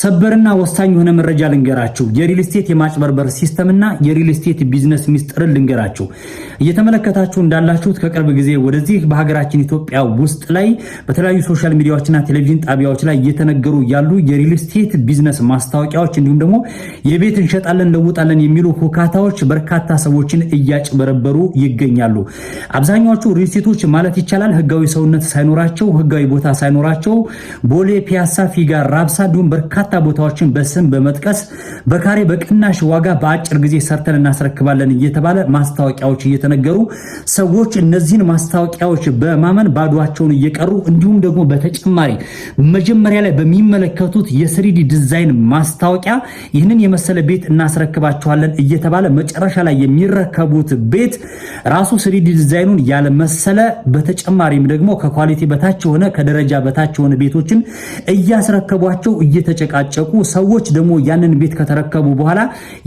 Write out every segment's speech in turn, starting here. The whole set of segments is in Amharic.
ሰበርና ወሳኝ የሆነ መረጃ ልንገራችሁ። የሪል ስቴት የማጭበርበር ሲስተምና የሪል ስቴት ቢዝነስ ሚስጥርን ልንገራችሁ። እየተመለከታችሁ እንዳላችሁት ከቅርብ ጊዜ ወደዚህ በሀገራችን ኢትዮጵያ ውስጥ ላይ በተለያዩ ሶሻል ሚዲያዎችና ቴሌቪዥን ጣቢያዎች ላይ እየተነገሩ ያሉ የሪል ስቴት ቢዝነስ ማስታወቂያዎች እንዲሁም ደግሞ የቤት እንሸጣለን ለውጣለን የሚሉ ሁካታዎች በርካታ ሰዎችን እያጭበረበሩ ይገኛሉ። አብዛኛዎቹ ሪል ስቴቶች ማለት ይቻላል ህጋዊ ሰውነት ሳይኖራቸው ህጋዊ ቦታ ሳይኖራቸው ቦሌ ፒያሳ፣ ፊጋ፣ ራብሳ እንዲሁም በርካታ ቦታዎችን በስም በመጥቀስ በካሬ በቅናሽ ዋጋ በአጭር ጊዜ ሰርተን እናስረክባለን እየተባለ ማስታወቂያዎች እየተነገሩ ሰዎች እነዚህን ማስታወቂያዎች በማመን ባዷቸውን እየቀሩ እንዲሁም ደግሞ በተጨማሪ መጀመሪያ ላይ በሚመለከቱት የስሪዲ ዲዛይን ማስታወቂያ ይህንን የመሰለ ቤት እናስረክባቸዋለን እየተባለ መጨረሻ ላይ የሚረከቡት ቤት ራሱ ስሪዲ ዲዛይኑን ያልመሰለ በተጨማሪም ደግሞ ከኳሊቲ በታች የሆነ ከደረጃ በታች የሆነ ቤቶችን እያስረከቧቸው እየተጨ እየተጨቃጨቁ ሰዎች ደግሞ ያንን ቤት ከተረከቡ በኋላ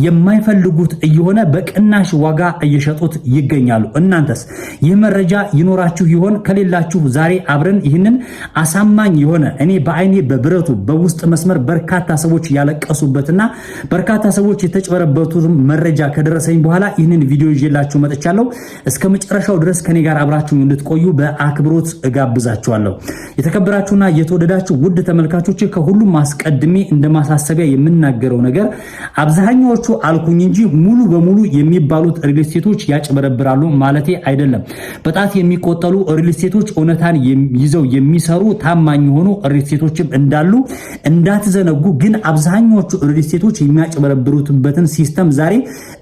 የማይፈልጉት እየሆነ በቅናሽ ዋጋ እየሸጡት ይገኛሉ። እናንተስ ይህ መረጃ ይኖራችሁ ይሆን? ከሌላችሁ ዛሬ አብረን ይህንን አሳማኝ የሆነ እኔ በአይኔ በብረቱ በውስጥ መስመር በርካታ ሰዎች ያለቀሱበትና በርካታ ሰዎች የተጭበረበቱት መረጃ ከደረሰኝ በኋላ ይህንን ቪዲዮ ይዤላችሁ መጥቻለሁ። እስከ መጨረሻው ድረስ ከኔ ጋር አብራችሁ እንድትቆዩ በአክብሮት እጋብዛችኋለሁ። የተከበራችሁና የተወደዳችሁ ውድ ተመልካቾች ከሁሉም አስቀድሜ ደጋግሜ እንደ ማሳሰቢያ የምናገረው ነገር አብዛኛዎቹ አልኩኝ እንጂ ሙሉ በሙሉ የሚባሉት ሪልስቴቶች ያጭበረብራሉ ማለቴ አይደለም። በጣት የሚቆጠሉ ሪልስቴቶች እውነታን ይዘው የሚሰሩ ታማኝ የሆኑ ሪልስቴቶችም እንዳሉ እንዳትዘነጉ። ግን አብዛኛዎቹ ሪልስቴቶች የሚያጭበረብሩትበትን ሲስተም ዛሬ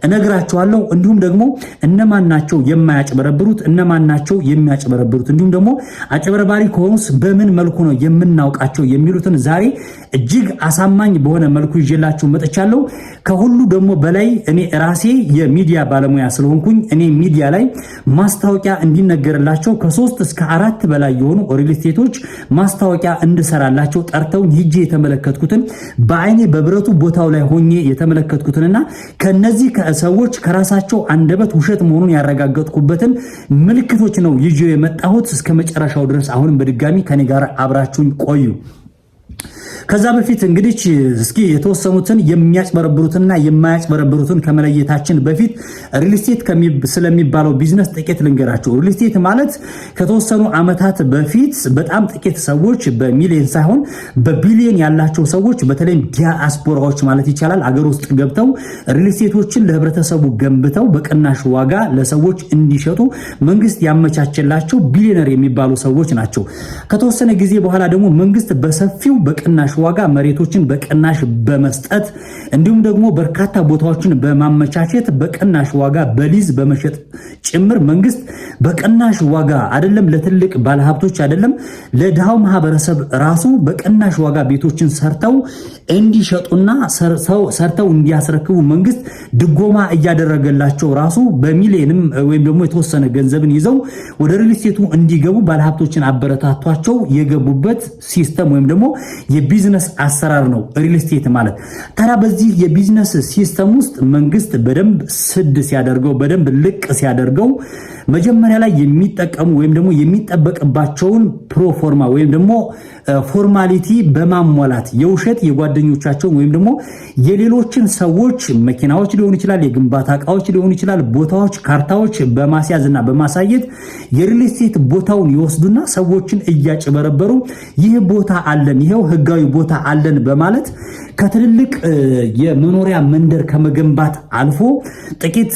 እነግራቸዋለሁ። እንዲሁም ደግሞ እነማን ናቸው የማያጭበረብሩት፣ እነማን ናቸው የሚያጭበረብሩት፣ እንዲሁም ደግሞ አጭበረባሪ ከሆኑስ በምን መልኩ ነው የምናውቃቸው የሚሉትን ዛሬ እጅግ አሳማኝ በሆነ መልኩ ይዤላችሁ መጥቻለሁ። ከሁሉ ደግሞ በላይ እኔ ራሴ የሚዲያ ባለሙያ ስለሆንኩኝ እኔ ሚዲያ ላይ ማስታወቂያ እንዲነገርላቸው ከሶስት እስከ አራት በላይ የሆኑ ሪልስቴቶች ማስታወቂያ እንድሰራላቸው ጠርተውን ሂጄ የተመለከትኩትን በአይኔ በብረቱ ቦታው ላይ ሆኜ የተመለከትኩትንና ከነዚህ ሰዎች ከራሳቸው አንደበት ውሸት መሆኑን ያረጋገጥኩበትን ምልክቶች ነው ይዤ የመጣሁት። እስከ መጨረሻው ድረስ አሁንም በድጋሚ ከኔ ጋር አብራችሁኝ ቆዩ። ከዛ በፊት እንግዲህ እስኪ የተወሰኑትን የሚያጭበረብሩትንና የማያጭበረብሩትን ከመለየታችን በፊት ሪልስቴት ስለሚባለው ቢዝነስ ጥቂት ልንገራቸው። ሪልስቴት ማለት ከተወሰኑ ዓመታት በፊት በጣም ጥቂት ሰዎች በሚሊዮን ሳይሆን በቢሊዮን ያላቸው ሰዎች በተለይም ዲያስፖራዎች ማለት ይቻላል አገር ውስጥ ገብተው ሪልስቴቶችን ለህብረተሰቡ ገንብተው በቅናሽ ዋጋ ለሰዎች እንዲሸጡ መንግስት ያመቻቸላቸው ቢሊዮነር የሚባሉ ሰዎች ናቸው። ከተወሰነ ጊዜ በኋላ ደግሞ መንግስት በሰፊው በቅናሽ በቅናሽ ዋጋ መሬቶችን በቅናሽ በመስጠት እንዲሁም ደግሞ በርካታ ቦታዎችን በማመቻቸት በቅናሽ ዋጋ በሊዝ በመሸጥ ጭምር መንግስት በቅናሽ ዋጋ አይደለም ለትልቅ ባለሀብቶች አይደለም ለድሃው ማህበረሰብ ራሱ በቅናሽ ዋጋ ቤቶችን ሰርተው እንዲሸጡና ሰርተው እንዲያስረክቡ መንግስት ድጎማ እያደረገላቸው ራሱ በሚሊየንም ወይም ደግሞ የተወሰነ ገንዘብን ይዘው ወደ ሪልስቴቱ እንዲገቡ ባለሀብቶችን አበረታቷቸው የገቡበት ሲስተም ወይም ደግሞ የቢዝነስ አሰራር ነው ሪል ስቴት ማለት። ታዲያ በዚህ የቢዝነስ ሲስተም ውስጥ መንግስት በደንብ ስድ ሲያደርገው፣ በደንብ ልቅ ሲያደርገው መጀመሪያ ላይ የሚጠቀሙ ወይም ደግሞ የሚጠበቅባቸውን ፕሮፎርማ ወይም ደግሞ ፎርማሊቲ በማሟላት የውሸት የጓደኞቻቸውን ወይም ደግሞ የሌሎችን ሰዎች መኪናዎች ሊሆን ይችላል፣ የግንባታ እቃዎች ሊሆን ይችላል፣ ቦታዎች፣ ካርታዎች በማስያዝ እና በማሳየት የሪልስቴት ቦታውን ይወስዱና ሰዎችን እያጭበረበሩ ይህ ቦታ አለን፣ ይኸው ህጋዊ ቦታ አለን በማለት ከትልልቅ የመኖሪያ መንደር ከመገንባት አልፎ ጥቂት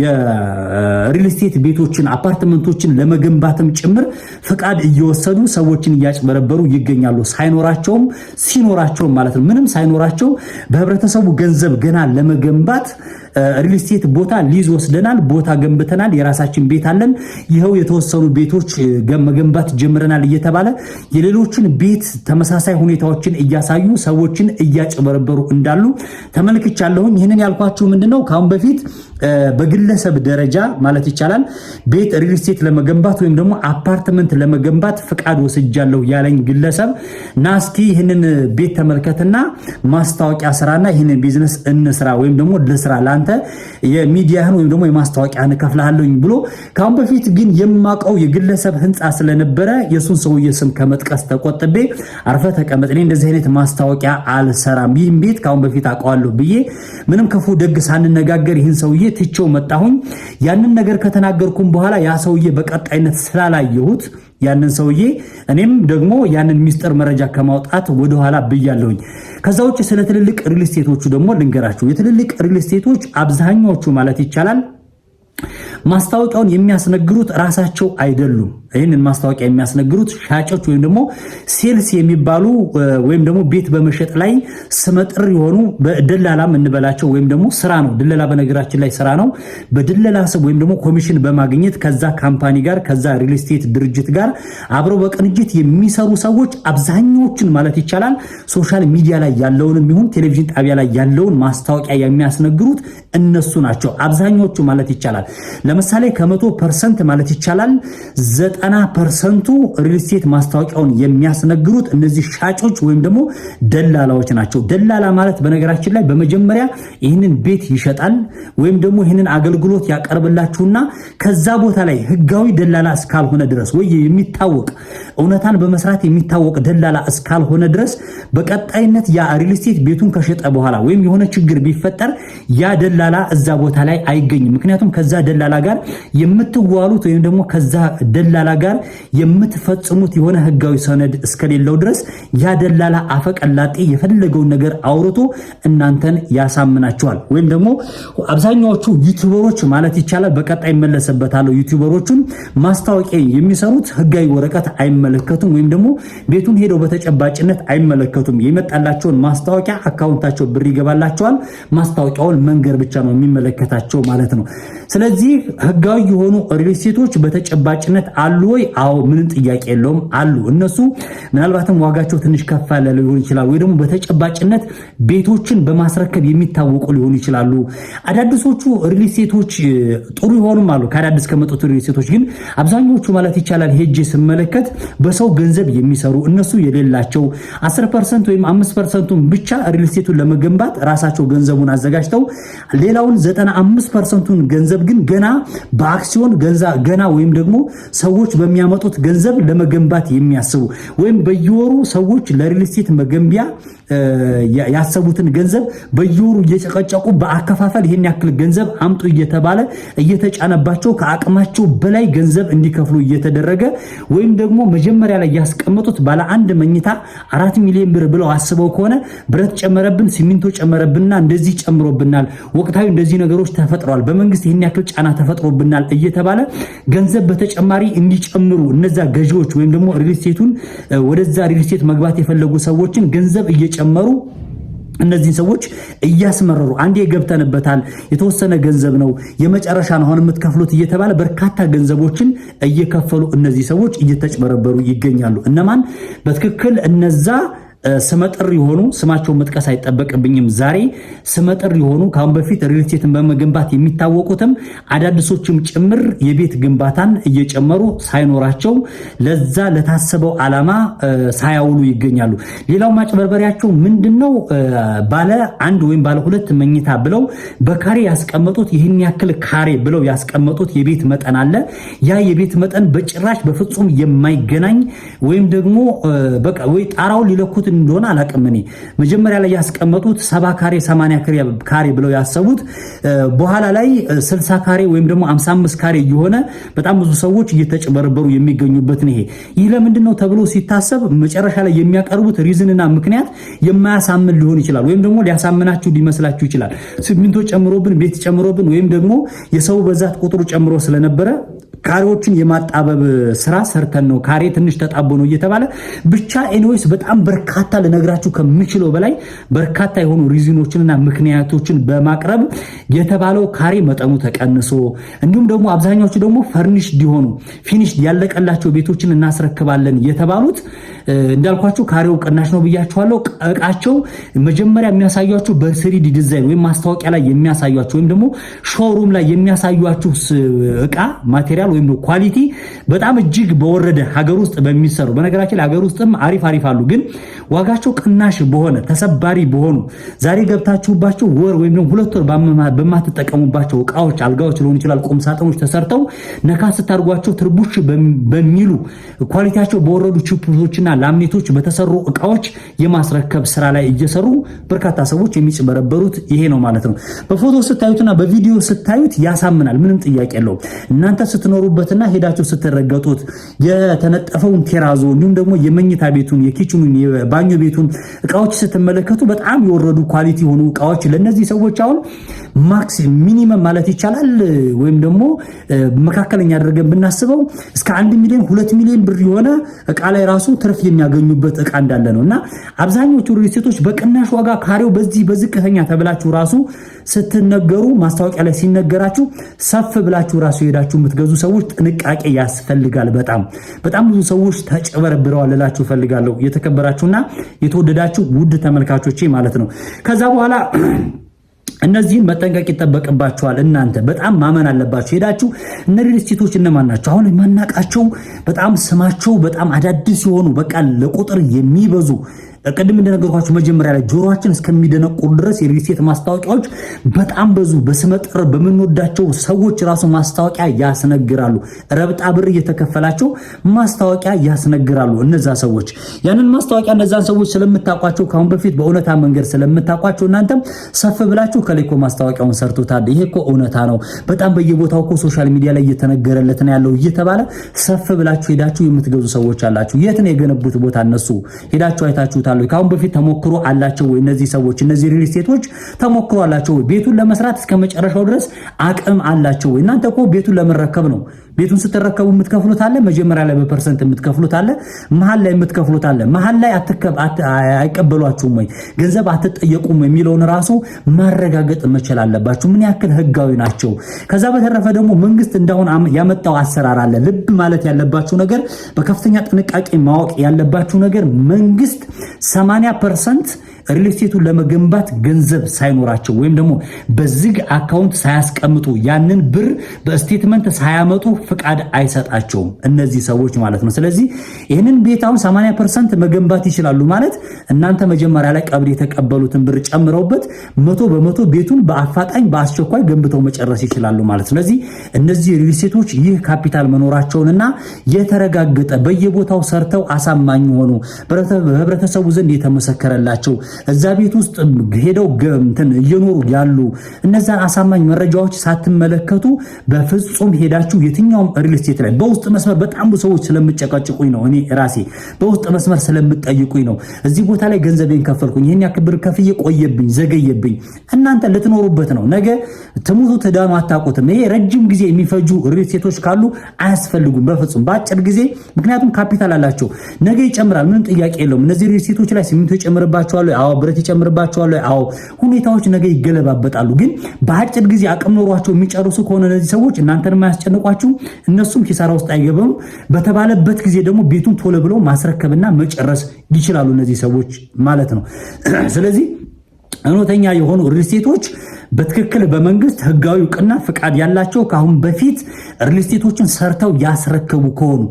የሪልስቴት ቤቶችን አፓርትመንቶችን ለመገንባትም ጭምር ፍቃድ እየወሰዱ ሰዎችን እያጭበረበሩ ይገኛሉ። ሳይኖራቸውም ሲኖራቸውም ማለት ነው። ምንም ሳይኖራቸው በህብረተሰቡ ገንዘብ ገና ለመገንባት ሪል ስቴት ቦታ ሊዝ ወስደናል፣ ቦታ ገንብተናል፣ የራሳችን ቤት አለን፣ ይኸው የተወሰኑ ቤቶች መገንባት ጀምረናል እየተባለ የሌሎችን ቤት ተመሳሳይ ሁኔታዎችን እያሳዩ ሰዎችን እያጭበረበሩ እንዳሉ ተመልክቻለሁኝ። ይህንን ያልኳችሁ ምንድን ነው ከአሁን በፊት በግለሰብ ደረጃ ማለት ይቻላል ቤት ሪል ስቴት ለመገንባት ወይም ደግሞ አፓርትመንት ለመገንባት ፍቃድ ወስጃለሁ ያለኝ ግለሰብ ናስቲ ይህንን ቤት ተመልከትና ማስታወቂያ ስራና ይህንን ቢዝነስ እንስራ ወይም ደግሞ ልስራ ለአንተ የሚዲያህን ወይም ደግሞ የማስታወቂያ እከፍልሃለሁኝ ብሎ ከአሁን በፊት ግን የማውቀው የግለሰብ ህንፃ ስለነበረ የእሱን ሰውዬ ስም ከመጥቀስ ተቆጥቤ አርፈ ተቀመጥ፣ እኔ እንደዚህ አይነት ማስታወቂያ አልሰራም፣ ይህም ቤት ከአሁን በፊት አውቀዋለሁ ብዬ ምንም ክፉ ደግ ሳንነጋገር ይህን ሰውዬ ትቼው መጣሁኝ። ያንን ነገር ከተናገርኩም በኋላ ያ ሰውዬ በቀጣይነት ስላላየሁት ያንን ሰውዬ እኔም ደግሞ ያንን ሚስጥር መረጃ ከማውጣት ወደኋላ ብያለሁኝ። ከዛ ውጭ ስለ ትልልቅ ሪልስቴቶቹ ደግሞ ልንገራችሁ። የትልልቅ ሪልስቴቶች አብዛኛዎቹ ማለት ይቻላል ማስታወቂያውን የሚያስነግሩት ራሳቸው አይደሉም። ይህንን ማስታወቂያ የሚያስነግሩት ሻጮች ወይም ደግሞ ሴልስ የሚባሉ ወይም ደግሞ ቤት በመሸጥ ላይ ስመጥር የሆኑ በደላላም እንበላቸው ወይም ደግሞ ስራ ነው። ድለላ በነገራችን ላይ ስራ ነው። በድለላ ስም ወይም ደግሞ ኮሚሽን በማግኘት ከዛ ካምፓኒ ጋር ከዛ ሪል ስቴት ድርጅት ጋር አብረው በቅንጅት የሚሰሩ ሰዎች አብዛኛዎችን ማለት ይቻላል ሶሻል ሚዲያ ላይ ያለውንም ይሁን ቴሌቪዥን ጣቢያ ላይ ያለውን ማስታወቂያ የሚያስነግሩት እነሱ ናቸው። አብዛኛዎቹ ማለት ይቻላል ለምሳሌ ከመቶ ፐርሰንት ማለት ይቻላል ዘጠና ፐርሰንቱ ሪልስቴት ማስታወቂያውን የሚያስነግሩት እነዚህ ሻጮች ወይም ደግሞ ደላላዎች ናቸው። ደላላ ማለት በነገራችን ላይ በመጀመሪያ ይህንን ቤት ይሸጣል ወይም ደግሞ ይህንን አገልግሎት ያቀርብላችሁና ከዛ ቦታ ላይ ህጋዊ ደላላ እስካልሆነ ድረስ ወይ የሚታወቅ እውነታን በመስራት የሚታወቅ ደላላ እስካልሆነ ድረስ በቀጣይነት ያ ሪልስቴት ቤቱን ከሸጠ በኋላ ወይም የሆነ ችግር ቢፈጠር ያ ደላላ እዛ ቦታ ላይ አይገኝም። ምክንያቱም ከዛ ደላላ ጋር የምትዋሉት ወይም ደግሞ ከዛ ደላላ ጋር የምትፈጽሙት የሆነ ህጋዊ ሰነድ እስከሌለው ድረስ ያደላላ አፈቀላጤ የፈለገውን ነገር አውርቶ እናንተን ያሳምናቸዋል ወይም ደግሞ አብዛኛዎቹ ዩቲዩበሮች ማለት ይቻላል በቀጣይ ይመለሰበታለሁ። ዩቲዩበሮቹን ማስታወቂያ የሚሰሩት ህጋዊ ወረቀት አይመለከቱም፣ ወይም ደግሞ ቤቱን ሄደው በተጨባጭነት አይመለከቱም። የመጣላቸውን ማስታወቂያ አካውንታቸው ብር ይገባላቸዋል። ማስታወቂያውን መንገር ብቻ ነው የሚመለከታቸው ማለት ነው። ስለዚህ ህጋዊ የሆኑ ሪልስቴቶች በተጨባጭነት አሉ ወይ? አዎ፣ ምንም ጥያቄ የለውም አሉ። እነሱ ምናልባትም ዋጋቸው ትንሽ ከፍ ያለ ሊሆን ይችላል፣ ወይ ደግሞ በተጨባጭነት ቤቶችን በማስረከብ የሚታወቁ ሊሆኑ ይችላሉ። አዳዲሶቹ ሪል ጥሩ ይሆኑም አሉ። ከአዳዲስ ከመጡት ሪል ግን አብዛኞቹ ማለት ይቻላል ሄጄ ስመለከት በሰው ገንዘብ የሚሰሩ እነሱ የሌላቸው 10 ፐርሰንት ወይም 5 ፐርሰንቱን ብቻ ሪል ለመገንባት ራሳቸው ገንዘቡን አዘጋጅተው ሌላውን 95 ፐርሰንቱን ገንዘብ ግን ገና በአክሲዮን ገና ወይም ደግሞ ሰውን ሰዎች በሚያመጡት ገንዘብ ለመገንባት የሚያስቡ ወይም በየወሩ ሰዎች ለሪልስቴት መገንቢያ ያሰቡትን ገንዘብ በየወሩ እየጨቀጨቁ በአከፋፈል ይህን ያክል ገንዘብ አምጡ እየተባለ እየተጫነባቸው ከአቅማቸው በላይ ገንዘብ እንዲከፍሉ እየተደረገ ወይም ደግሞ መጀመሪያ ላይ ያስቀመጡት ባለ አንድ መኝታ አራት ሚሊዮን ብር ብለው አስበው ከሆነ ብረት ጨመረብን፣ ሲሚንቶ ጨመረብንና እንደዚህ ጨምሮብናል፣ ወቅታዊ እንደዚህ ነገሮች ተፈጥሯል፣ በመንግስት ይህን ያክል ጫና ተፈጥሮብናል እየተባለ ገንዘብ በተጨማሪ እንዲ እንዲጨምሩ እነዛ ገዢዎች ወይም ደግሞ ሪልስቴቱን ወደዛ ሪልስቴት መግባት የፈለጉ ሰዎችን ገንዘብ እየጨመሩ እነዚህን ሰዎች እያስመረሩ አንዴ ገብተንበታል፣ የተወሰነ ገንዘብ ነው የመጨረሻ ነው አሁን የምትከፍሉት እየተባለ በርካታ ገንዘቦችን እየከፈሉ እነዚህ ሰዎች እየተጭበረበሩ ይገኛሉ። እነማን በትክክል እነዛ ስመጥር የሆኑ ስማቸውን መጥቀስ አይጠበቅብኝም። ዛሬ ስመጥር የሆኑ ከአሁን በፊት ሪልስቴትን በመገንባት የሚታወቁትም አዳዲሶችም ጭምር የቤት ግንባታን እየጨመሩ ሳይኖራቸው ለዛ ለታሰበው ዓላማ ሳያውሉ ይገኛሉ። ሌላው ማጭበርበሪያቸው ምንድን ነው? ባለ አንድ ወይም ባለ ሁለት መኝታ ብለው በካሬ ያስቀመጡት ይህን ያክል ካሬ ብለው ያስቀመጡት የቤት መጠን አለ። ያ የቤት መጠን በጭራሽ በፍጹም የማይገናኝ ወይም ደግሞ ጣራውን ሊለኩት እንደሆነ አላቅም። እኔ መጀመሪያ ላይ ያስቀመጡት ሰባ ካሬ ሰማንያ ካሬ ብለው ያሰቡት በኋላ ላይ ስልሳ ካሬ ወይም ደግሞ አምሳ አምስት ካሬ የሆነ በጣም ብዙ ሰዎች እየተጭበረበሩ የሚገኙበትን ይሄ ይህ ለምንድን ነው ተብሎ ሲታሰብ መጨረሻ ላይ የሚያቀርቡት ሪዝንና ምክንያት የማያሳምን ሊሆን ይችላል። ወይም ደግሞ ሊያሳምናችሁ ሊመስላችሁ ይችላል። ሲሚንቶ ጨምሮብን፣ ቤት ጨምሮብን ወይም ደግሞ የሰው በዛት ቁጥሩ ጨምሮ ስለነበረ ካሬዎችን የማጣበብ ስራ ሰርተን ነው። ካሬ ትንሽ ተጣቦ ነው እየተባለ ብቻ ኤኒዌይስ፣ በጣም በርካታ ልነግራችሁ ከምችለው በላይ በርካታ የሆኑ ሪዝኖችንና ምክንያቶችን በማቅረብ የተባለው ካሬ መጠኑ ተቀንሶ እንዲሁም ደግሞ አብዛኛዎቹ ደግሞ ፈርኒሽ የሆኑ ፊኒሽ ያለቀላቸው ቤቶችን እናስረክባለን የተባሉት እንዳልኳቸው ካሬው ቅናሽ ነው ብያችኋለሁ። እቃቸው መጀመሪያ የሚያሳያችሁ በስሪዲ ዲዛይን ወይም ማስታወቂያ ላይ የሚያሳያችሁ ወይም ደግሞ ሾሩም ላይ የሚያሳያችሁ እቃ ማቴሪያል ወይም ኳሊቲ በጣም እጅግ በወረደ ሀገር ውስጥ በሚሰሩ በነገራችን ሀገር ውስጥም አሪፍ አሪፍ አሉ ግን ዋጋቸው ቅናሽ በሆነ ተሰባሪ በሆኑ ዛሬ ገብታችሁባቸው ወር ወይም ደግሞ ሁለት ወር በማትጠቀሙባቸው እቃዎች፣ አልጋዎች ሊሆን ይችላል፣ ቁም ሳጥኖች ተሰርተው ነካ ስታርጓቸው ትርቡሽ በሚሉ ኳሊቲያቸው በወረዱ ችፕቶችና ላምኔቶች በተሰሩ እቃዎች የማስረከብ ስራ ላይ እየሰሩ በርካታ ሰዎች የሚጭበረበሩት ይሄ ነው ማለት ነው። በፎቶ ስታዩትና በቪዲዮ ስታዩት ያሳምናል፣ ምንም ጥያቄ የለውም። እናንተ ስትኖሩበትና ሄዳችሁ ስትረገጡት የተነጠፈውን ቴራዞ እንዲሁም ደግሞ የመኝታ ቤቱን የኪችኑን ባኞ ቤቱን እቃዎች ስትመለከቱ በጣም የወረዱ ኳሊቲ የሆኑ እቃዎች ለእነዚህ ሰዎች አሁን ማክስ ሚኒመም ማለት ይቻላል ወይም ደግሞ መካከለኛ አድርገን ብናስበው እስከ አንድ ሚሊዮን ሁለት ሚሊዮን ብር የሆነ እቃ ላይ ራሱ ትርፍ የሚያገኙበት እቃ እንዳለ ነው እና አብዛኞቹ ሪሴቶች በቅናሽ ዋጋ ካሬው በዚህ በዝቅተኛ ተብላችሁ ራሱ ስትነገሩ ማስታወቂያ ላይ ሲነገራችሁ ሰፍ ብላችሁ ራሱ ሄዳችሁ የምትገዙ ሰዎች ጥንቃቄ ያስፈልጋል። በጣም በጣም ብዙ ሰዎች ተጭበርብረዋል ልላችሁ እፈልጋለሁ እየተከበራችሁና የተወደዳችሁ ውድ ተመልካቾቼ ማለት ነው። ከዛ በኋላ እነዚህን መጠንቀቅ ይጠበቅባቸዋል። እናንተ በጣም ማመን አለባችሁ። ሄዳችሁ እነ ሪል ስቴቶች እነማን ናቸው? አሁን የማናቃቸው በጣም ስማቸው በጣም አዳዲስ የሆኑ በቃ ለቁጥር የሚበዙ ቅድም እንደነገርኳችሁ መጀመሪያ ላይ ጆሮችን እስከሚደነቁ ድረስ የሪልስቴት ማስታወቂያዎች በጣም ብዙ በስመጥር በምንወዳቸው ሰዎች ራሱ ማስታወቂያ ያስነግራሉ። ረብጣ ብር እየተከፈላቸው ማስታወቂያ ያስነግራሉ። እነዛ ሰዎች ያንን ማስታወቂያ እነዛን ሰዎች ስለምታውቋቸው ከአሁን በፊት በእውነታ መንገድ ስለምታውቋቸው እናንተም ሰፍ ብላችሁ ከሌኮ ማስታወቂያውን ሰርቶታል፣ ይሄ እኮ እውነታ ነው፣ በጣም በየቦታው እኮ ሶሻል ሚዲያ ላይ እየተነገረለት ነው ያለው እየተባለ ሰፍ ብላችሁ ሄዳችሁ የምትገዙ ሰዎች አላችሁ። የት ነው የገነቡት ቦታ እነሱ ሄዳችሁ አይታችሁታል። አሉ? ከአሁን በፊት ተሞክሮ አላቸው ወይ? እነዚህ ሰዎች እነዚህ ሪል ስቴቶች ተሞክሮ አላቸው ወይ? ቤቱን ለመስራት እስከ መጨረሻው ድረስ አቅም አላቸው ወይ? እናንተ እኮ ቤቱን ለመረከብ ነው ቤቱን ስትረከቡ የምትከፍሉት አለ፣ መጀመሪያ ላይ በፐርሰንት የምትከፍሉት አለ፣ መሀል ላይ የምትከፍሉት አለ። መሀል ላይ አይቀበሏችሁም ወይ ገንዘብ አትጠየቁም የሚለውን ራሱ ማረጋገጥ መቻል አለባችሁ። ምን ያክል ህጋዊ ናቸው። ከዛ በተረፈ ደግሞ መንግስት እንዳሁን ያመጣው አሰራር አለ። ልብ ማለት ያለባችሁ ነገር፣ በከፍተኛ ጥንቃቄ ማወቅ ያለባችሁ ነገር መንግስት 80 ፐርሰንት ሪል ለመገንባት ገንዘብ ሳይኖራቸው ወይም ደግሞ በዝግ አካውንት ሳያስቀምጡ ያንን ብር በስቴትመንት ሳያመጡ ፍቃድ አይሰጣቸውም እነዚህ ሰዎች ማለት ነው። ስለዚህ ይህንን ቤት አሁን 80 ፐርሰንት መገንባት ይችላሉ ማለት እናንተ መጀመሪያ ላይ ቀብድ የተቀበሉትን ብር ጨምረውበት መቶ በመቶ ቤቱን በአፋጣኝ በአስቸኳይ ገንብተው መጨረስ ይችላሉ ማለት። ስለዚህ እነዚህ ሪልስቴቶች ይህ ካፒታል መኖራቸውንና የተረጋገጠ በየቦታው ሰርተው አሳማኝ ሆኑ በህብረተሰቡ ዘንድ የተመሰከረላቸው እዛ ቤት ውስጥ ሄደው እንትን እየኖሩ ያሉ እነዛን አሳማኝ መረጃዎች ሳትመለከቱ በፍጹም ሄዳችሁ የትኛው በየትኛውም ሪል ስቴት ላይ በውስጥ መስመር በጣም ብዙ ሰዎች ስለምጨቃጭቁኝ ነው። እኔ ራሴ በውስጥ መስመር ስለምጠይቁኝ ነው። እዚህ ቦታ ላይ ገንዘቤን ከፈልኩኝ፣ ይህን ያክል ብር ከፍዬ ቆየብኝ፣ ዘገየብኝ። እናንተ ልትኖሩበት ነው። ነገ ትሙቱ ትዳኑ አታውቁትም። ይሄ ረጅም ጊዜ የሚፈጁ ሪል ስቴቶች ካሉ አያስፈልጉም በፍጹም በአጭር ጊዜ። ምክንያቱም ካፒታል አላቸው። ነገ ይጨምራል፣ ምንም ጥያቄ የለውም። እነዚህ ሪል ስቴቶች ላይ ሲሚንቶ ይጨምርባቸዋል፣ አዎ፣ ብረት ይጨምርባቸዋል፣ አዎ። ሁኔታዎች ነገ ይገለባበጣሉ። ግን በአጭር ጊዜ አቅም ኖሯቸው የሚጨርሱ ከሆነ እነዚህ ሰዎች እናንተን አያስጨንቋችሁም። እነሱም ኪሳራ ውስጥ አይገባም። በተባለበት ጊዜ ደግሞ ቤቱን ቶሎ ብለው ማስረከብና መጨረስ ይችላሉ እነዚህ ሰዎች ማለት ነው። ስለዚህ እውነተኛ የሆኑ ሪልስቴቶች በትክክል በመንግስት ህጋዊ እውቅና ፍቃድ ያላቸው ከአሁን በፊት ሪልስቴቶችን ሰርተው ያስረከቡ ከሆኑ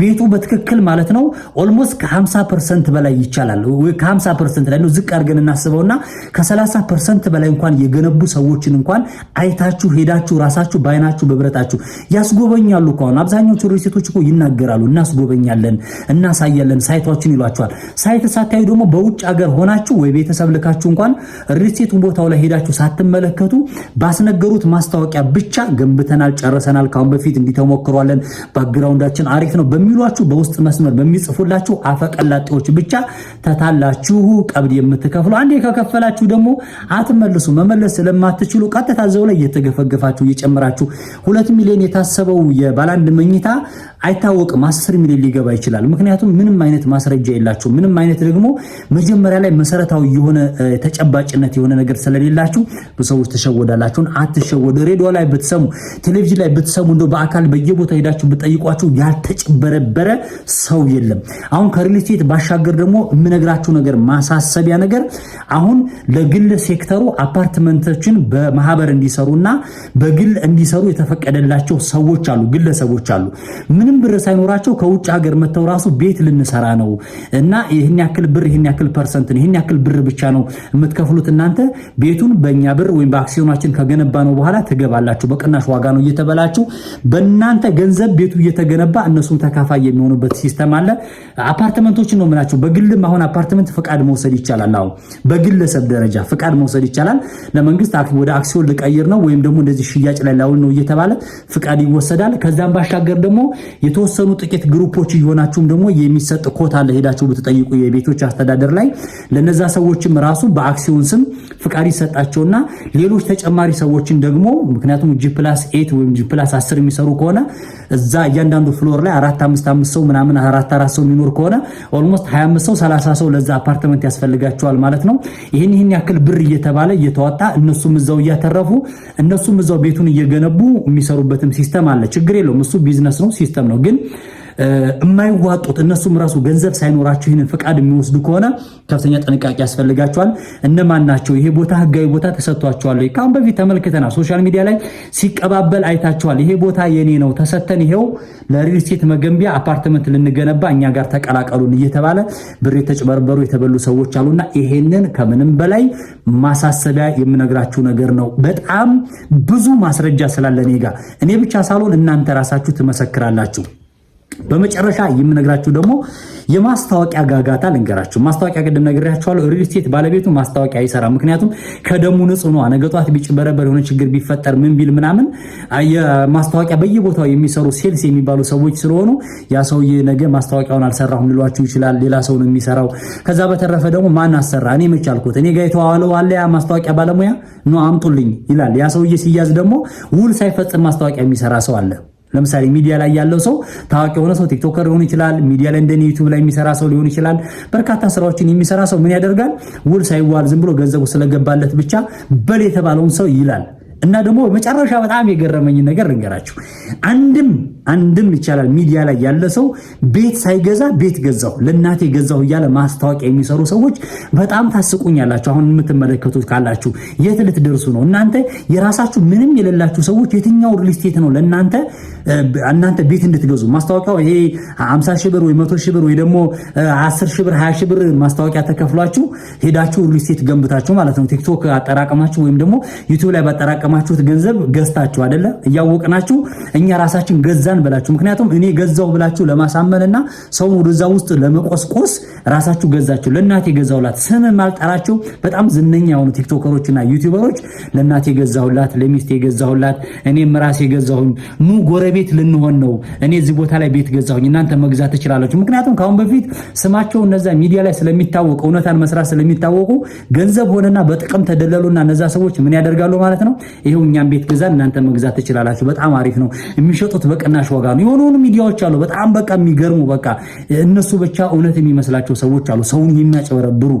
ቤቱ በትክክል ማለት ነው ኦልሞስት ከ50 ፐርሰንት በላይ ይቻላል። ከ50 ፐርሰንት ላይ ነው ዝቅ አድርገን እናስበውና ከ30 ፐርሰንት በላይ እንኳን የገነቡ ሰዎችን እንኳን አይታችሁ ሄዳችሁ ራሳችሁ በአይናችሁ በብረታችሁ ያስጎበኛሉ። ከሆኑ አብዛኛዎቹ ሪልስቴቶች እኮ ይናገራሉ፣ እናስጎበኛለን፣ እናሳያለን፣ ሳይቷችን ይሏቸዋል። ሳይት ሳታዩ ደግሞ በውጭ ሀገር ሆናችሁ ወይ ቤተሰብ ልካችሁ እንኳን ሪልስቴቱ ቦታው ላይ ሄዳችሁ ሳትመለ ሲመለከቱ ባስነገሩት ማስታወቂያ ብቻ ገንብተናል፣ ጨርሰናል፣ ካሁን በፊት እንዲተሞክሯለን፣ ባግራውንዳችን አሪፍ ነው በሚሏችሁ በውስጥ መስመር በሚጽፉላችሁ አፈቀላጤዎች ብቻ ተታላችሁ ቀብድ የምትከፍሉ አንዴ ከከፈላችሁ ደግሞ አትመልሱ። መመለስ ስለማትችሉ ቀጥታ ዘው ላይ እየተገፈገፋችሁ እየጨመራችሁ ሁለት ሚሊዮን የታሰበው የባላንድ መኝታ አይታወቅም፣ አስር ሚሊዮን ሊገባ ይችላል። ምክንያቱም ምንም አይነት ማስረጃ የላችሁ፣ ምንም አይነት ደግሞ መጀመሪያ ላይ መሰረታዊ የሆነ ተጨባጭነት የሆነ ነገር ስለሌላችሁ ሰዎች ተሸወዳላችሁን? አትሸወዱ። ሬዲዮ ላይ ብትሰሙ፣ ቴሌቪዥን ላይ ብትሰሙ፣ እንደው በአካል በየቦታ ሄዳችሁ ብጠይቋችሁ ያልተጭበረበረ ሰው የለም። አሁን ከሪልስቴት ባሻገር ደግሞ የምነግራችሁ ነገር ማሳሰቢያ ነገር አሁን ለግል ሴክተሩ አፓርትመንቶችን በማህበር እንዲሰሩና በግል እንዲሰሩ የተፈቀደላቸው ሰዎች አሉ፣ ግለሰቦች አሉ። ምንም ብር ሳይኖራቸው ከውጭ ሀገር መጥተው ራሱ ቤት ልንሰራ ነው እና ይህን ያክል ብር ይህን ያክል ፐርሰንት ይህን ያክል ብር ብቻ ነው የምትከፍሉት እናንተ ቤቱን በእኛ ብር ወይም በአክሲዮናችን ከገነባ ነው በኋላ ትገባላችሁ። በቅናሽ ዋጋ ነው እየተበላችሁ በእናንተ ገንዘብ ቤቱ እየተገነባ እነሱም ተካፋይ የሚሆኑበት ሲስተም አለ። አፓርትመንቶች ነው የምላቸው። በግልም አሁን አፓርትመንት ፍቃድ መውሰድ ይቻላል። አሁን በግለሰብ ደረጃ ፍቃድ መውሰድ ይቻላል። ለመንግስት ወደ አክሲዮን ልቀይር ነው ወይም ደግሞ እንደዚህ ሽያጭ ላይ ላውል ነው እየተባለ ፍቃድ ይወሰዳል። ከዛም ባሻገር ደግሞ የተወሰኑ ጥቂት ግሩፖች እየሆናችሁም ደግሞ የሚሰጥ ኮታ አለ። ሄዳችሁ ብትጠይቁ የቤቶች አስተዳደር ላይ ለነዛ ሰዎችም ራሱ በአክሲዮን ስም ፍቃድ ይሰጣቸውና ሌሎች ተጨማሪ ሰዎችን ደግሞ ምክንያቱም ጂ ፕላስ ኤት ወይም ጂ ፕላስ አስር የሚሰሩ ከሆነ እዛ እያንዳንዱ ፍሎር ላይ አራት አምስት አምስት ሰው ምናምን አራት አራት ሰው የሚኖር ከሆነ ኦልሞስት 25 ሰው 30 ሰው ለዛ አፓርትመንት ያስፈልጋቸዋል ማለት ነው። ይህን ይህን ያክል ብር እየተባለ እየተዋጣ እነሱም እዛው እያተረፉ እነሱም እዛው ቤቱን እየገነቡ የሚሰሩበትም ሲስተም አለ። ችግር የለውም። እሱ ቢዝነስ ነው፣ ሲስተም ነው ግን የማይዋጡት እነሱም ራሱ ገንዘብ ሳይኖራቸው ይህንን ፈቃድ የሚወስዱ ከሆነ ከፍተኛ ጥንቃቄ ያስፈልጋቸዋል። እነማን ናቸው? ይሄ ቦታ ህጋዊ ቦታ ተሰጥቷቸዋል ወይ? ከአሁን በፊት ተመልክተናል። ሶሻል ሚዲያ ላይ ሲቀባበል አይታቸዋል። ይሄ ቦታ የኔ ነው ተሰተን ይሄው ለሪልስቴት መገንቢያ አፓርትመንት ልንገነባ እኛ ጋር ተቀላቀሉን እየተባለ ብር የተጭበርበሩ የተበሉ ሰዎች አሉና ይሄንን ከምንም በላይ ማሳሰቢያ የምነግራችሁ ነገር ነው። በጣም ብዙ ማስረጃ ስላለ እኔ ጋር እኔ ብቻ ሳልሆን እናንተ ራሳችሁ ትመሰክራላችሁ። በመጨረሻ የምነግራችሁ ደግሞ የማስታወቂያ ጋጋታ ልንገራችሁ። ማስታወቂያ ቅድም ነግሬያችኋለሁ። ሪል ስቴት ባለቤቱ ማስታወቂያ አይሰራ። ምክንያቱም ከደሙ ንጹህ ነው። ነገቷት ቢጭበረበር የሆነ ችግር ቢፈጠር ምን ቢል ምናምን ማስታወቂያ በየቦታው የሚሰሩ ሴልስ የሚባሉ ሰዎች ስለሆኑ ያ ሰውዬ ነገ ማስታወቂያውን አልሰራሁም ሊሏችሁ ይችላል። ሌላ ሰው ነው የሚሰራው። ከዛ በተረፈ ደግሞ ማን አሰራ እኔ መች አልኩት እኔ ጋ የተዋዋለው አለ ያ ማስታወቂያ ባለሙያ ኖ አምጡልኝ ይላል። ያ ሰውዬ ሲያዝ ደግሞ ውል ሳይፈጽም ማስታወቂያ የሚሰራ ሰው አለ። ለምሳሌ ሚዲያ ላይ ያለው ሰው ታዋቂ የሆነ ሰው ቲክቶከር ሊሆን ይችላል። ሚዲያ ላይ እንደ ዩቱብ ላይ የሚሰራ ሰው ሊሆን ይችላል። በርካታ ስራዎችን የሚሰራ ሰው ምን ያደርጋል? ውል ሳይዋል ዝም ብሎ ገንዘቡ ስለገባለት ብቻ በል የተባለውን ሰው ይላል። እና ደግሞ መጨረሻ በጣም የገረመኝን ነገር ልንገራችሁ አንድም አንድም ይቻላል ሚዲያ ላይ ያለ ሰው ቤት ሳይገዛ ቤት ገዛሁ ለእናቴ ገዛሁ እያለ ማስታወቂያ የሚሰሩ ሰዎች በጣም ታስቁኛላችሁ። አሁን የምትመለከቱት ካላችሁ የት ልትደርሱ ነው እናንተ? የራሳችሁ ምንም የሌላችሁ ሰዎች የትኛው ሪልስቴት ነው ለእናንተ እናንተ ቤት እንድትገዙ ማስታወቂያው ይሄ 50 ሺህ ብር ወይ 100 ሺህ ብር ወይ ደግሞ 10 ሺህ ብር 20 ሺህ ብር ማስታወቂያ ተከፍሏችሁ ሄዳችሁ ሪልስቴት ገንብታችሁ ማለት ነው። ቲክቶክ አጠራቀማችሁ ወይም ደግሞ ዩቲዩብ ላይ ባጠራቀማችሁት ገንዘብ ገዝታችሁ አይደለ? እያወቅናችሁ እኛ ራሳችን ገዛን በላችሁ። ምክንያቱም እኔ ገዛው ብላችሁ ለማሳመንና ሰውን ወደዛ ውስጥ ለመቆስቆስ ራሳችሁ ገዛችሁ። ለእናቴ ገዛውላት ስም ማልጠራችሁ በጣም ዝነኛ የሆኑ ቲክቶከሮችና ዩቲዩበሮች ለእናቴ ገዛሁላት፣ ለሚስቴ የገዛሁላት እኔም ራሴ የገዛሁኝ ኑ ጎረቤት ልንሆን ነው፣ እኔ እዚህ ቦታ ላይ ቤት ገዛሁኝ፣ እናንተ መግዛት ትችላላችሁ። ምክንያቱም ከአሁን በፊት ስማቸው እነዛ ሚዲያ ላይ ስለሚታወቅ እውነታን መስራት ስለሚታወቁ ገንዘብ ሆነና በጥቅም ተደለሉና እነዛ ሰዎች ምን ያደርጋሉ ማለት ነው፣ ይሄው እኛም ቤት ገዛን፣ እናንተ መግዛት ትችላላችሁ፣ በጣም አሪፍ ነው የሚሸጡት በቀና አሸዋ ዋጋ ነው። የሆኑ ሚዲያዎች አሉ፣ በጣም በቃ የሚገርሙ በቃ እነሱ ብቻ እውነት የሚመስላቸው ሰዎች አሉ፣ ሰውን የሚያጨበረብሩ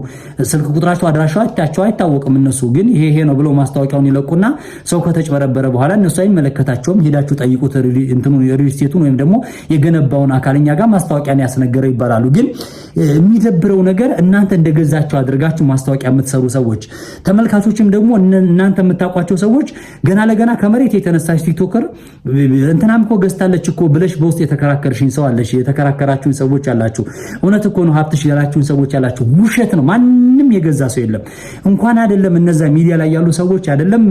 ስልክ ቁጥራቸው አድራሻቸው አይታወቅም። እነሱ ግን ይሄ ይሄ ነው ብለው ማስታወቂያውን ይለቁና ሰው ከተጭበረበረ በኋላ እነሱ አይመለከታቸውም። ሄዳችሁ ጠይቁት ሪል ስቴቱን ወይም ደግሞ የገነባውን አካልኛ ጋር ማስታወቂያን ያስነገረው ይባላሉ። ግን የሚደብረው ነገር እናንተ እንደገዛቸው አድርጋችሁ ማስታወቂያ የምትሰሩ ሰዎች፣ ተመልካቾችም ደግሞ እናንተ የምታውቋቸው ሰዎች ገና ለገና ከመሬት የተነሳች ቲክቶከር እንትናም እኮ ገዝታ ትችላለች እኮ ብለሽ በውስጥ የተከራከርሽኝ ሰው አለሽ፣ የተከራከራችሁን ሰዎች አላችሁ። እውነት እኮ ነው ሀብትሽ ያላችሁን ሰዎች አላችሁ። ውሸት ነው። ማንም የገዛ ሰው የለም። እንኳን አይደለም እነዛ ሚዲያ ላይ ያሉ ሰዎች አይደለም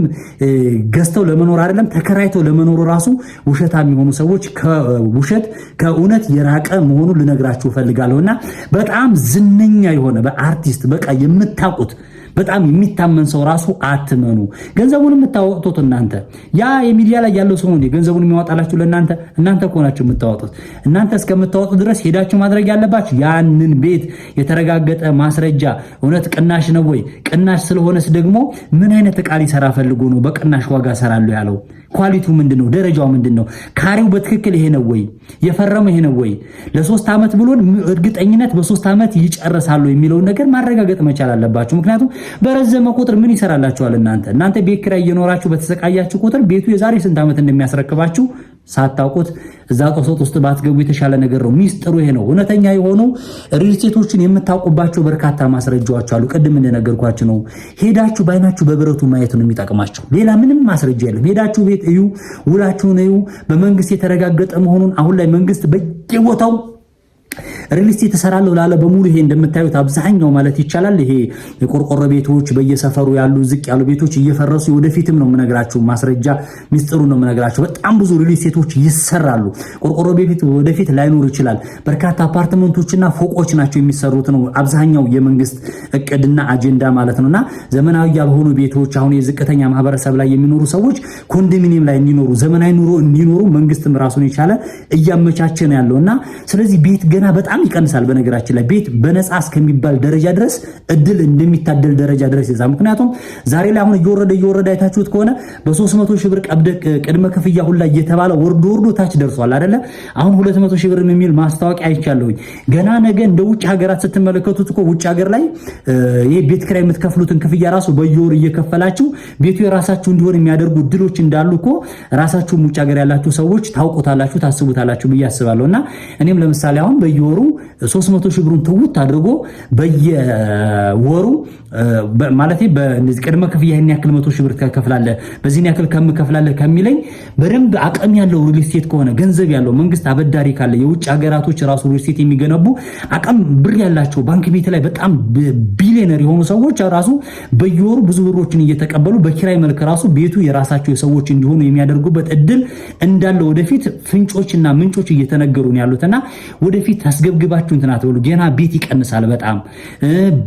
ገዝተው ለመኖር አይደለም ተከራይተው ለመኖር ራሱ ውሸታ የሚሆኑ ሰዎች ከውሸት ከእውነት የራቀ መሆኑን ልነግራችሁ እፈልጋለሁ እና በጣም ዝነኛ የሆነ በአርቲስት በቃ የምታውቁት በጣም የሚታመን ሰው ራሱ አትመኑ። ገንዘቡን የምታወጡት እናንተ። ያ የሚዲያ ላይ ያለው ሰው ገንዘቡን የሚያወጣላችሁ ለእናንተ እናንተ ከሆናችሁ የምታወጡት እናንተ እስከምታወጡ ድረስ ሄዳችሁ ማድረግ ያለባችሁ ያንን ቤት የተረጋገጠ ማስረጃ እውነት ቅናሽ ነው ወይ? ቅናሽ ስለሆነስ ደግሞ ምን አይነት እቃ ሊሰራ ፈልጎ ነው በቅናሽ ዋጋ ሰራለሁ ያለው? ኳሊቲው ምንድን ነው? ደረጃው ምንድን ነው? ካሬው በትክክል ይሄ ነው ወይ? የፈረመ ይሄ ነው ወይ? ለሶስት ዓመት ብሎን እርግጠኝነት በሶስት ዓመት ይጨርሳሉ የሚለውን ነገር ማረጋገጥ መቻል አለባችሁ። ምክንያቱም በረዘመ ቁጥር ምን ይሰራላችኋል? እናንተ እናንተ ቤት ኪራይ እየኖራችሁ በተሰቃያችሁ ቁጥር ቤቱ የዛሬ ስንት ዓመት እንደሚያስረክባችሁ ሳታውቁት እዛ ቀውሰት ውስጥ ባትገቡ የተሻለ ነገር ነው። ሚስጥሩ ይሄ ነው። እውነተኛ የሆኑ ሪልስቴቶችን የምታውቁባቸው በርካታ ማስረጃዎች አሉ። ቅድም እንደነገርኳችሁ ነው። ሄዳችሁ በአይናችሁ በብረቱ ማየት ነው የሚጠቅማቸው። ሌላ ምንም ማስረጃ የለም። ሄዳችሁ ቤት እዩ፣ ውላችሁን እዩ። በመንግስት የተረጋገጠ መሆኑን አሁን ላይ መንግስት በየቦታው ሪልስቴት ስቴት እሰራለሁ ላለ በሙሉ ይሄ እንደምታዩት አብዛኛው ማለት ይቻላል ይሄ የቆርቆሮ ቤቶች በየሰፈሩ ያሉ ዝቅ ያሉ ቤቶች እየፈረሱ ወደፊትም ነው የምነግራችሁ፣ ማስረጃ ሚስጥሩ ነው የምነግራችሁ። በጣም ብዙ ሪል ይሰራሉ። ቆርቆሮ ቤት ወደፊት ላይኖር ይችላል። በርካታ አፓርትመንቶችና ፎቆች ናቸው የሚሰሩት ነው አብዛኛው የመንግስት እቅድና አጀንዳ ማለት ነውና ዘመናዊ ያልሆኑ ቤቶች አሁን የዝቅተኛ ማህበረሰብ ላይ የሚኖሩ ሰዎች ኮንዶሚኒየም ላይ እንዲኖሩ ዘመናዊ ኑሮ እንዲኖሩ መንግስትም ራሱን የቻለ እያመቻቸ ነው ያለውና ስለዚህ ቤት ገና በጣም በጣም ይቀንሳል። በነገራችን ላይ ቤት በነፃ እስከሚባል ደረጃ ድረስ እድል እንደሚታደል ደረጃ ድረስ ይዛ ምክንያቱም ዛሬ ላይ አሁን እየወረደ እየወረደ አይታችሁት ከሆነ በ300 ሺህ ብር ቅድመ ክፍያ ሁላ እየተባለ ወርዶ ወርዶ ታች ደርሷል አይደለ? አሁን 200 ሺህ ብር የሚል ማስታወቂያ አይቻለሁኝ። ገና ነገ እንደ ውጭ ሀገራት ስትመለከቱት እኮ ውጭ ሀገር ላይ ይሄ ቤት ክራይ የምትከፍሉትን ክፍያ ራሱ በየወር እየከፈላችሁ ቤቱ የራሳችሁ እንዲሆን የሚያደርጉ እድሎች እንዳሉ እኮ ራሳችሁም ውጭ ሀገር ያላችሁ ሰዎች ታውቁታላችሁ፣ ታስቡታላችሁ ብዬ አስባለሁ እና እኔም ለምሳሌ አሁን በየወሩ ሶስት መቶ ሺህ ብሩን ትውት አድርጎ በየወሩ ማለት ቅድመ ክፍያ ይህን ያክል መቶ ሺህ ብር ትከፍላለህ፣ በዚህን ያክል ከምከፍላለህ ከሚለኝ በደንብ አቅም ያለው ሪልስቴት ከሆነ ገንዘብ ያለው መንግስት አበዳሪ ካለ የውጭ ሀገራቶች ራሱ ሪልስቴት የሚገነቡ አቅም ብር ያላቸው ባንክ ቤት ላይ በጣም ቢሊዮነር የሆኑ ሰዎች ራሱ በየወሩ ብዙ ብሮችን እየተቀበሉ በኪራይ መልክ ራሱ ቤቱ የራሳቸው የሰዎች እንዲሆኑ የሚያደርጉበት እድል እንዳለ ወደፊት ፍንጮችና ምንጮች እየተነገሩ ያሉትና ወደፊት ታስገብ ምግባችሁ እንትን አትበሉ። ገና ቤት ይቀንሳል፣ በጣም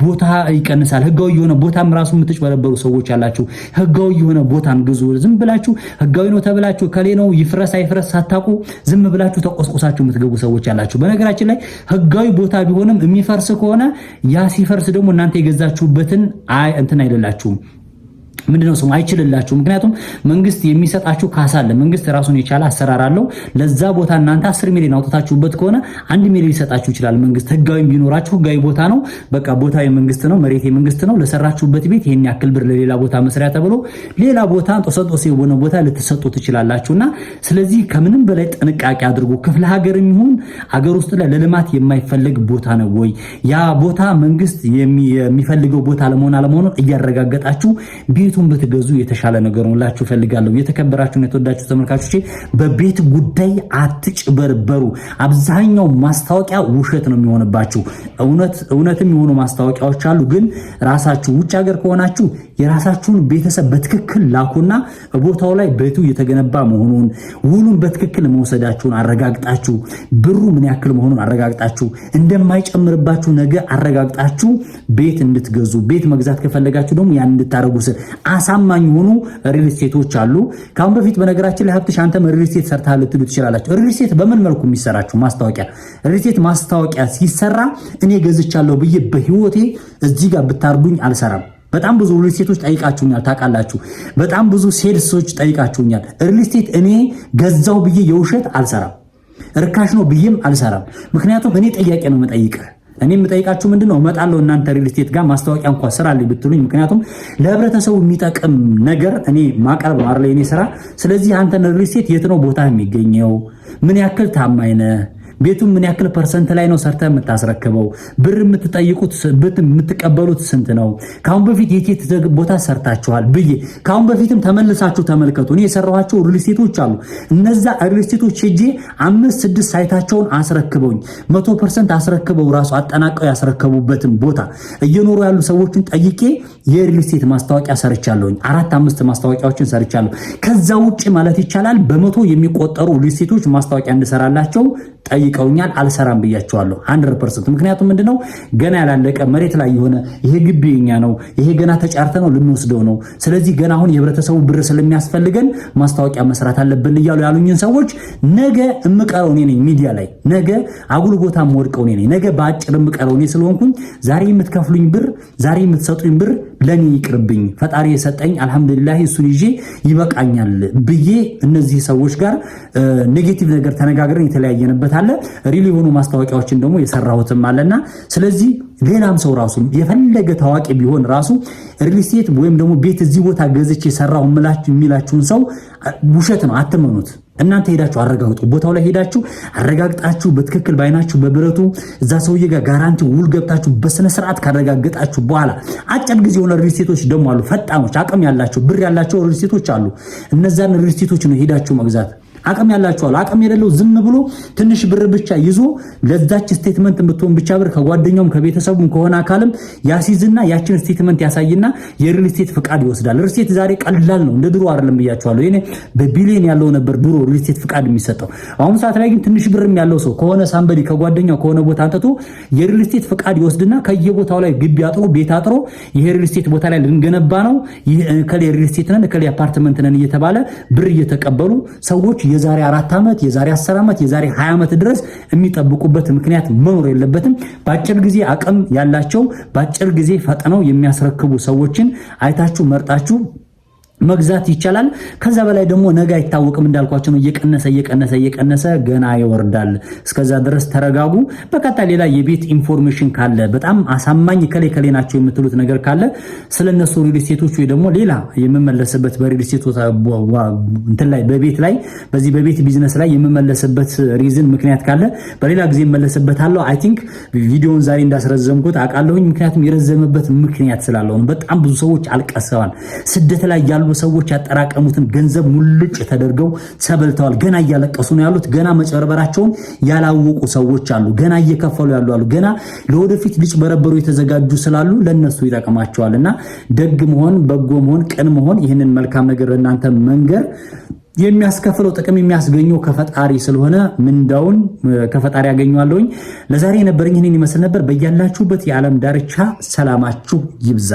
ቦታ ይቀንሳል። ህጋዊ የሆነ ቦታም ራሱ የምትጭበረበሩ ሰዎች አላችሁ። ህጋዊ የሆነ ቦታም ግዙ። ዝም ብላችሁ ህጋዊ ነው ተብላችሁ ከሌ ነው ይፍረስ አይፍረስ ሳታውቁ ዝም ብላችሁ ተቆስቆሳችሁ የምትገቡ ሰዎች አላችሁ። በነገራችን ላይ ህጋዊ ቦታ ቢሆንም የሚፈርስ ከሆነ ያ ሲፈርስ ደግሞ እናንተ የገዛችሁበትን እንትን አይደላችሁም ምንድነው ስሙ አይችልላችሁ። ምክንያቱም መንግስት የሚሰጣችሁ ካሳ አለ። መንግስት ራሱን የቻለ አሰራር አለው። ለዛ ቦታ እናንተ አስር ሚሊዮን አውጥታችሁበት ከሆነ አንድ ሚሊዮን ሊሰጣችሁ ይችላል መንግስት። ህጋዊም ቢኖራችሁ ህጋዊ ቦታ ነው፣ በቃ ቦታ የመንግስት ነው፣ መሬት የመንግስት ነው። ለሰራችሁበት ቤት ይሄን ያክል ብር ለሌላ ቦታ መስሪያ ተብሎ ሌላ ቦታ ጦሰጦ የሆነ ቦታ ልትሰጡ ትችላላችሁና ስለዚህ ከምንም በላይ ጥንቃቄ አድርጉ። ክፍለ ሀገር የሚሆን ሀገር ውስጥ ላይ ለልማት የማይፈልግ ቦታ ነው ወይ ያ ቦታ መንግስት የሚፈልገው ቦታ ለመሆን አለመሆኑን እያረጋገጣችሁ ቤት ቤቱን ብትገዙ የተሻለ ነገር ነው ላችሁ ፈልጋለሁ። የተከበራችሁና የተወዳችሁ ተመልካቾች በቤት ጉዳይ አትጭበርበሩ። አብዛኛው ማስታወቂያ ውሸት ነው የሚሆንባችሁ። እውነትም የሆኑ ማስታወቂያዎች አሉ። ግን ራሳችሁ ውጭ ሀገር ከሆናችሁ የራሳችሁን ቤተሰብ በትክክል ላኩና ቦታው ላይ ቤቱ እየተገነባ መሆኑን ውሉን በትክክል መውሰዳችሁን አረጋግጣችሁ ብሩ ምን ያክል መሆኑን አረጋግጣችሁ እንደማይጨምርባችሁ ነገ አረጋግጣችሁ ቤት እንድትገዙ ቤት መግዛት ከፈለጋችሁ ደግሞ ያን እንድታደርጉ አሳማኝ የሆኑ ሪልስቴቶች አሉ። ከአሁን በፊት በነገራችን ላይ ሀብትሽ አንተም ሪልስቴት ሰርታ ልትሉ ትችላላችሁ። ሪልስቴት በምን መልኩ የሚሰራችሁ ማስታወቂያ ሪልስቴት ማስታወቂያ ሲሰራ እኔ ገዝቻለሁ ብዬ በህይወቴ እዚህ ጋር ብታርጉኝ አልሰራም። በጣም ብዙ ሪልስቴቶች ጠይቃችሁኛል፣ ታውቃላችሁ። በጣም ብዙ ሴልሶች ጠይቃችሁኛል። ሪልስቴት እኔ ገዛው ብዬ የውሸት አልሰራም፣ ርካሽ ነው ብዬም አልሰራም። ምክንያቱም እኔ ጥያቄ ነው መጠይቀህ እኔ የምጠይቃችሁ ምንድን ነው እመጣለሁ እናንተ ሪል ስቴት ጋር ማስታወቂያ እንኳ ስራ ላይ ብትሉኝ፣ ምክንያቱም ለህብረተሰቡ የሚጠቅም ነገር እኔ ማቀርብ አር ላይ እኔ ስራ። ስለዚህ አንተን ሪል ስቴት የት ነው ቦታ የሚገኘው? ምን ያክል ታማኝ ነህ? ቤቱን ምን ያክል ፐርሰንት ላይ ነው ሰርተ የምታስረክበው? ብር የምትጠይቁት የምትቀበሉት ስንት ነው? ከአሁን በፊት የቴት ቦታ ሰርታችኋል ብዬ ከአሁን በፊትም ተመልሳችሁ ተመልከቱ። እኔ የሰራኋቸው ሪልስቴቶች አሉ። እነዛ ሪልስቴቶች ሄጄ አምስት ስድስት ሳይታቸውን አስረክበውኝ መቶ ፐርሰንት አስረክበው ራሱ አጠናቀው ያስረከቡበትን ቦታ እየኖሩ ያሉ ሰዎችን ጠይቄ የሪልስቴት ማስታወቂያ ሰርቻለሁኝ። አራት አምስት ማስታወቂያዎችን ሰርቻለሁ። ከዛ ውጭ ማለት ይቻላል በመቶ የሚቆጠሩ ሪልስቴቶች ማስታወቂያ እንድሰራላቸው ጠይቄ ጠይቀውኛል፣ አልሰራም ብያቸዋለሁ። ሀንድረድ ፐርሰንት። ምክንያቱም ምንድነው ገና ያላለቀ መሬት ላይ የሆነ ይሄ ግቢ የኛ ነው፣ ይሄ ገና ተጫርተ ነው ልንወስደው ነው። ስለዚህ ገና አሁን የህብረተሰቡ ብር ስለሚያስፈልገን ማስታወቂያ መስራት አለብን እያሉ ያሉኝን ሰዎች ነገ እምቀረው እኔ ነኝ፣ ሚዲያ ላይ ነገ አጉል ቦታ እምወድቀው እኔ ነኝ፣ ነገ በአጭር እምቀረው እኔ ስለሆንኩኝ ዛሬ የምትከፍሉኝ ብር ዛሬ የምትሰጡኝ ብር ለእኔ ይቅርብኝ፣ ፈጣሪ የሰጠኝ አልሐምዱሊላህ እሱን ይዤ ይበቃኛል ብዬ እነዚህ ሰዎች ጋር ኔጌቲቭ ነገር ተነጋግረን የተለያየንበት አለ። ሪል የሆኑ ማስታወቂያዎችን ደግሞ የሰራሁትም አለና ስለዚህ ሌላም ሰው ራሱ የፈለገ ታዋቂ ቢሆን ራሱ ሪልስቴት ወይም ደግሞ ቤት እዚህ ቦታ ገዝቼ የሰራው የሚላችሁን ሰው ውሸት ነው፣ አትመኑት። እናንተ ሄዳችሁ አረጋግጡ። ቦታው ላይ ሄዳችሁ አረጋግጣችሁ በትክክል ባይናችሁ በብረቱ እዛ ሰውዬ ጋር ጋራንቲ ውል ገብታችሁ በስነ ስርዓት ካረጋገጣችሁ በኋላ አጭር ጊዜ የሆነ ሪልስቴቶች ደግሞ አሉ፣ ፈጣኖች፣ አቅም ያላቸው ብር ያላቸው ሪልስቴቶች አሉ። እነዛን ሪልስቴቶች ነው ሄዳችሁ መግዛት አቅም ያላቸዋል። አቅም የሌለው ዝም ብሎ ትንሽ ብር ብቻ ይዞ ለዛች ስቴትመንት የምትሆን ብቻ ብር ከጓደኛውም ከቤተሰቡም ከሆነ አካልም ያሲዝና ያችን ስቴትመንት ያሳይና የሪል ስቴት ፍቃድ ይወስዳል። ሪል ስቴት ዛሬ ቀላል ነው፣ እንደ ድሮ አይደለም ብያቸዋለሁ። ይሄኔ በቢሊዮን ያለው ነበር ድሮ ሪል ስቴት ፍቃድ የሚሰጠው። አሁን ሰዓት ላይ ግን ትንሽ ብርም ያለው ሰው ከሆነ ሳምበዲ ከጓደኛው ከሆነ ቦታ አንጥቶ የሪል ስቴት ፍቃድ ይወስድና ከየቦታው ላይ ግቢ አጥሮ ቤት አጥሮ ይሄ ሪል ስቴት ቦታ ላይ ልንገነባ ነው፣ ይሄ ከሌ ሪል ስቴት ነን ከሌ አፓርትመንት ነን እየተባለ ብር እየተቀበሉ ሰዎች የዛሬ አራት ዓመት የዛሬ አስር ዓመት የዛሬ ሀያ ዓመት ድረስ የሚጠብቁበት ምክንያት መኖር የለበትም። በአጭር ጊዜ አቅም ያላቸው በአጭር ጊዜ ፈጥነው የሚያስረክቡ ሰዎችን አይታችሁ መርጣችሁ መግዛት ይቻላል። ከዛ በላይ ደግሞ ነገ አይታወቅም እንዳልኳቸው ነው። እየቀነሰ እየቀነሰ እየቀነሰ ገና ይወርዳል። እስከዛ ድረስ ተረጋጉ። በቀጣይ ሌላ የቤት ኢንፎርሜሽን ካለ በጣም አሳማኝ ከሌ ከሌ ናቸው የምትሉት ነገር ካለ ስለነሱ ሪል ወይ ደግሞ ሌላ የምመለስበት በሪልስቴት እንትን ላይ በቤት ላይ በዚህ በቤት ቢዝነስ ላይ የምመለስበት ሪዝን ምክንያት ካለ በሌላ ጊዜ እመለስበታለሁ። አይ ቲንክ ቪዲዮውን ዛሬ እንዳስረዘምኩት አውቃለሁኝ። ምክንያቱም የረዘመበት ምክንያት ስላለው በጣም ብዙ ሰዎች አልቀሰዋል ስደት ላይ ያሉ ሰዎች ያጠራቀሙትን ገንዘብ ሙልጭ ተደርገው ተበልተዋል። ገና እያለቀሱ ነው ያሉት። ገና መጨበርበራቸውን ያላወቁ ሰዎች አሉ። ገና እየከፈሉ ያሉ አሉ። ገና ለወደፊት ሊጭበረበሩ የተዘጋጁ ስላሉ ለነሱ ይጠቅማቸዋል። እና ደግ መሆን፣ በጎ መሆን፣ ቅን መሆን ይህንን መልካም ነገር ለእናንተ መንገር የሚያስከፍለው ጥቅም የሚያስገኘው ከፈጣሪ ስለሆነ ምንዳውን ከፈጣሪ ያገኘዋለውኝ። ለዛሬ የነበረኝ ይህንን ይመስል ነበር። በያላችሁበት የዓለም ዳርቻ ሰላማችሁ ይብዛ።